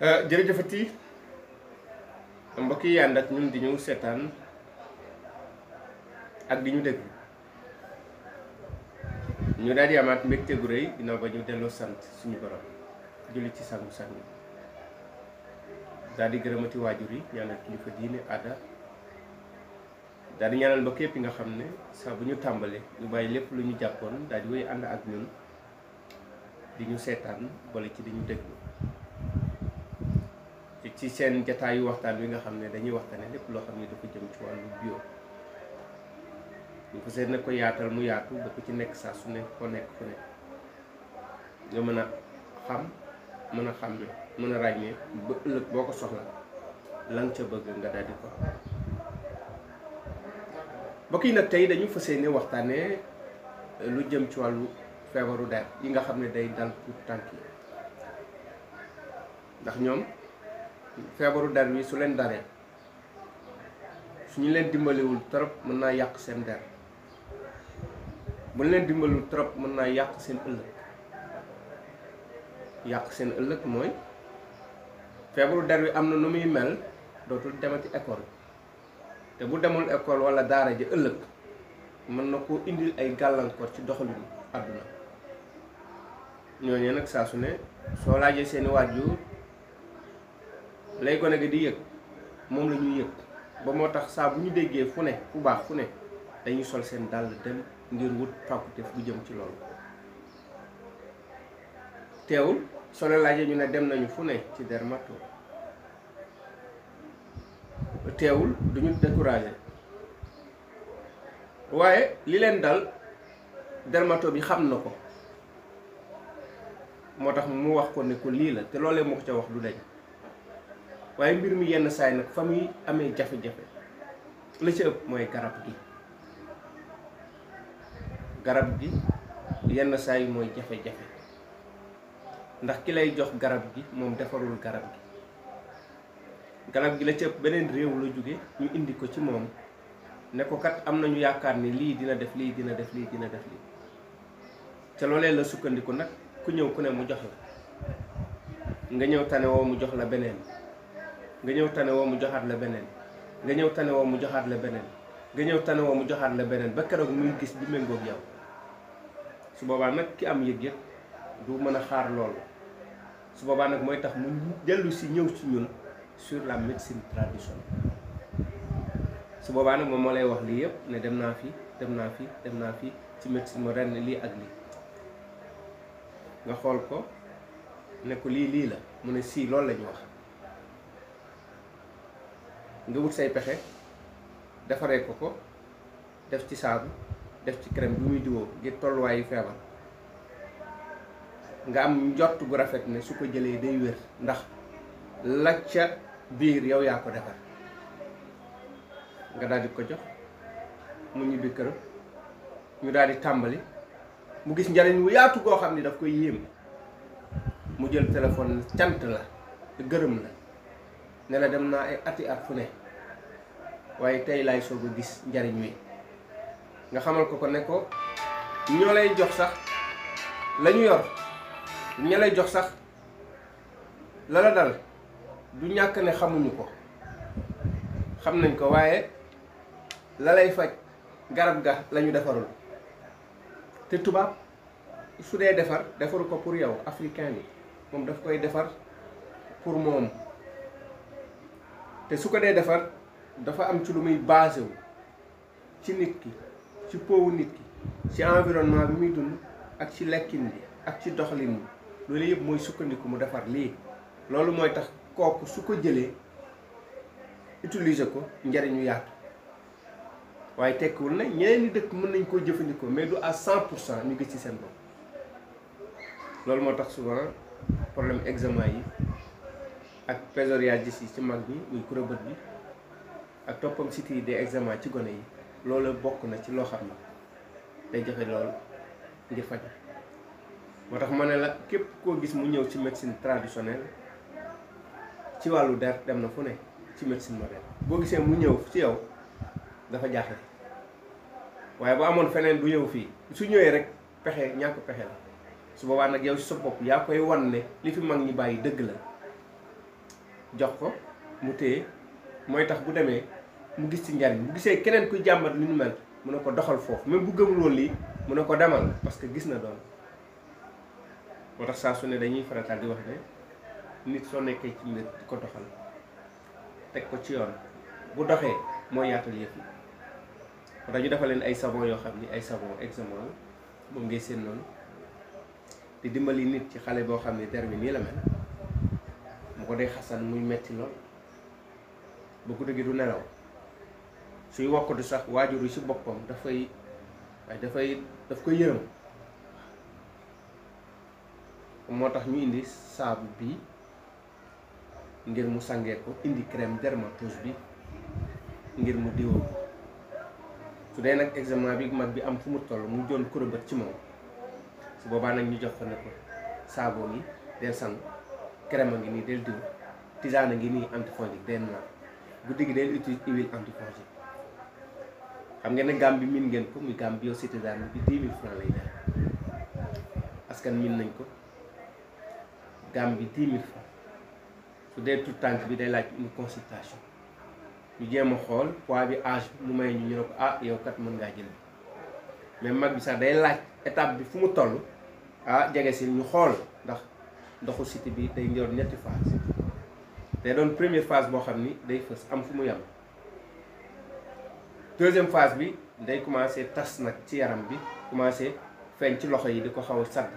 Eh, jërëjëfati mbokk yi ànd ak ñun di ñu seetaan ak di ñu dégg ñu daal di amaat mbégte gu rëy ginnaaw ba ñu delloo sant suñu borom julli ci sangu sangu daal di gërëmati waajur yi ñaanal kilifa diine aada daal di ñaanal mbokk yëpp yi nga xam ne sax bu ñu tàmbalee ñu bàyyi lépp lu ñu jàppoon daal di wéy ànd ak ñun di ñu seetaan boole ci di ñu déglu ci seen jataayu waxtaan wi nga xam ne dañuy waxtaane lépp loo xam ne dafa jëm ci wàllu bio ñu fas yéene ko yaatal ci nekk saa su ne ko nekk mën a xam mën a xam ne mën a ràññee boo ko soxla la nga bëgg nga ko mbokk yi nag tey dañu fas yéene waxtaanee eh, lu jëm ci wàllu feebaru de yi nga xam ne day dal pour tànk yi ndax ñoom feebaru der bi su leen daree su ñu leen dimbaliwul trop mën naa yàq seen der bu leen dimbaliwul trop mën naa yàq seen ëllëg yàq seen ëllëg mooy feebaru der wi am na nu muy mel dootul demati ekool te bu demul école wala daara ji ëllëg mën na ko indil ay gàllankoor ci doxalinu àdduna ñooñu nag saa su ne soo laajee seeni waajur lay ko gi di yëg moom la ñuy yëg ba moo tax saa bu ñu déggee fu ne fu baax fu ne dañuy sol seen dàll dem ngir wut fàkkute bu jëm ci loolu teewul soo leen ñu ne dem nañu fu ne ci dermato teewul duñu découragé waaye li leen dal dermato bi xam na ko moo tax mu wax ko ne ko lii la te loolee moo ko ca wax du dañ waaye mbir mi yenn saay nag fa muy amee jafe-jafe la ci ëpp mooy garab gi garab gi yenn saay mooy jafe-jafe ndax ki lay jox garab gi moom defarul garab gi garab gi la ci ëpp beneen réew la jóge ñu indi ko ci moom ne ko kat am nañu yaakaar ni lii dina def lii dina def lii dina def lii ca loolee la sukkandiku nag ku ñëw ku ne mu jox la nga ñëw tane woo mu jox la beneen nga ñëw tane woo mu joxaat la beneen nga ñëw tane woo mu joxaat la beneen nga ñëw tane mu joxaat la beneen ba keroog muy gis bi méngoog yow su boobaa nag ki am yëg-yëg du mën a xaar loolu su boobaa nag mooy tax mu dellu si ñëw ci ñun sur la médecine traditionnelle su boobaa nag moom moo lay wax lii yëpp ne dem naa fi dem naa fi dem naa fi ci médecine ren lii ak lii nga xool ko ne ko lii lii la mu ne sii loolu la ñu wax nga wut say pexe defaree ko ko def ci saabu def ci crème bi muy diwoo ngir tolluwaayu feebar nga am njott gu rafet ne su ko jëlee day wér ndax la ca biir yow yaa ko defar nga daal ko jox mu ñibbi këram ñu daal tàmbali mu gis njariñ wu yaatu goo xam ne daf koy yéem mu jël téléphone cant la gërëm la ne la dem na ay ati at fu ne waaye tey laay soog a gis njariñ wi nga xamal ko ko ne ko ñoo lay jox sax la ñu yor ña lay jox sax la dal du ñàkk ne xamuñu ko xam nañ ko waaye la lay faj garab ga la defarul te tubaab su dee defar defaru ko pour yow africain yi moom daf koy defar pour moom te su ko dee defar dafa am ci lu muy basé wu ci nit ki ci powu nit ki ci environnement bi muy dund ak ci lekkin bi ak ci doxalin bi loolu yëpp mooy sukkandiku mu defar lii loolu mooy tax kooku su ko jëlee utiliser ko njariñu yaatu waaye tekkiwul na ñeneen ñi dëkk mën nañ koo jëfandikoo mais du à cent pour cent ñu gis ci seen bopp loolu moo tax souvent problème examen yi ak psoriasis yi ci mag bi muy bët bi ak toppam cité yi examen ci gone yi loolu bokk na ci loo xam ne day jafe lool ngir faj moo tax ma ne la képp koo gis mu ñëw ci médecine traditionnelle ci wàllu der dem na fu ne ci médecine moderne boo gisee mu ñëw ci yow dafa jaaxle waaye bu amoon feneen du ñëw fii su ñëwee rek pexe ñàkk pexe la su boobaa nag yow si sa bopp yaa koy wan ne li fi mag ñi bàyyi dëgg la jox ko mu téye mooy tax bu demee mu gis ci njariñ bu gisee keneen kuy jàmbat ni ñu mel mu ne ko doxal foofu même bu gëmul woon lii mu ne ko demal parce que gis na doon moo tax saa su ne dañuy faratal di wax ne nit soo nekkee ci mbir di ko doxal teg ko ci yoon bu doxee moo yaatal yëpp moo tax ñu defal leen ay savon yoo xam ni ay savon exemple moom ngay seen noonu di dimbali nit ci xale boo xam ne der bi nii la mel ko day xasan muy metti lool bu guddi gi du nelaw suy wokkatu sax waajur yi si boppam dafay waaye dafay daf koy yërëm moo tax ñu indi saabu bi ngir mu sangee ko indi crème dermatose bi ngir mu diwoo su dee nag examen bi mat bi am fu mu toll mu doon kurébët ci moom su boobaa nag ñu jox ko ne ko saaboo yi del sang crème a ngi nii del diw tisane a ngi nii antifongique den naan guddi gi del uti huile antifongique xam ngeen ne gam bi miin ngeen ko muy gam biocitizen bi dix mille francs lay jaay askan miin nañ ko gam bi dix mille francs su dee tout tànk bi day laaj une consultation ñu jéem a xool poids bi âge bi mu may ñu ñu ne ko ah yow kat mën ngaa jël mais mag bi sax day laaj étape bi fu mu toll ah jege si ñu xool ndax ndoxu cité bi day doon ñetti phase day doon première phase boo xam ni day fës am fu mu yem deuxième phase bi day commencé tas nag ci yaram bi commencé feeñ ci loxo yi di ko xaw a sadd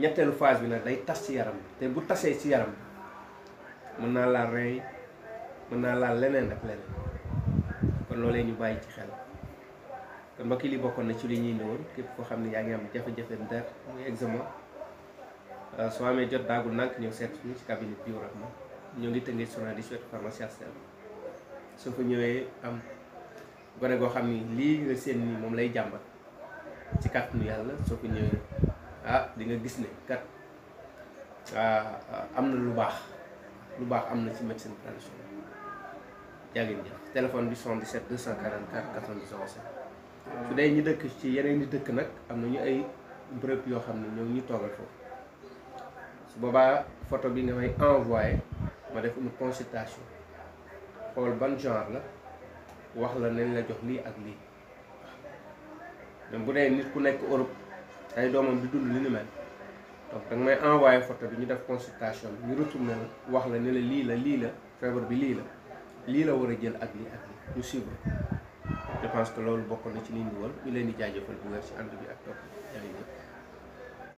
ñetteelu phase bi nag day tas ci yaram bi te bu tasee ci yaram bi mën naa laal rein yi naa laal leneen ak leneen kon loolee ñu bàyyi ci xel kon mbokk yi li bokkoon na ci li ñuy ñëwoon képp koo xam ne yaa ngi am jafe-jafe ndar muy examen Euh, su amee jot daagul nànk ñëw seet ñu ci cabinet bi Biorahma ñoo ngi tënkee sur la 18 pharmacie soo ko ñëwee am gone goo xam ni lii nga seen nii moom lay jàmbat ci kàttanu yàlla soo ko ñëwee ah di nga gis ne kat ah, ah, am na lu baax lu baax am na ci médecine traditionnelle jaa ngeen jëf téléphone bi 77 244 97 su dee ñu dëkk ci yeneen ñi dëkk nag am na ñu ay bërëb yoo xam ne ñoo ñu toogal foofu. su boobaa photo bi nga may envoyé ma def une consultation xool ban genre la wax la nañ la jox lii ak lii même bu dee nit ku nekk Europe ay doomam di dund li ni mel donc danga may envoyé photo bi ñu def consultation bi ñu retourné la wax la ne la lii la lii la feebar bi lii la lii la war a jël ak lii ak lii ñu suivre je pense que loolu bokk na ci li ñu wër ñu leen di jaajëfal bu wér ci ànd bi ak topp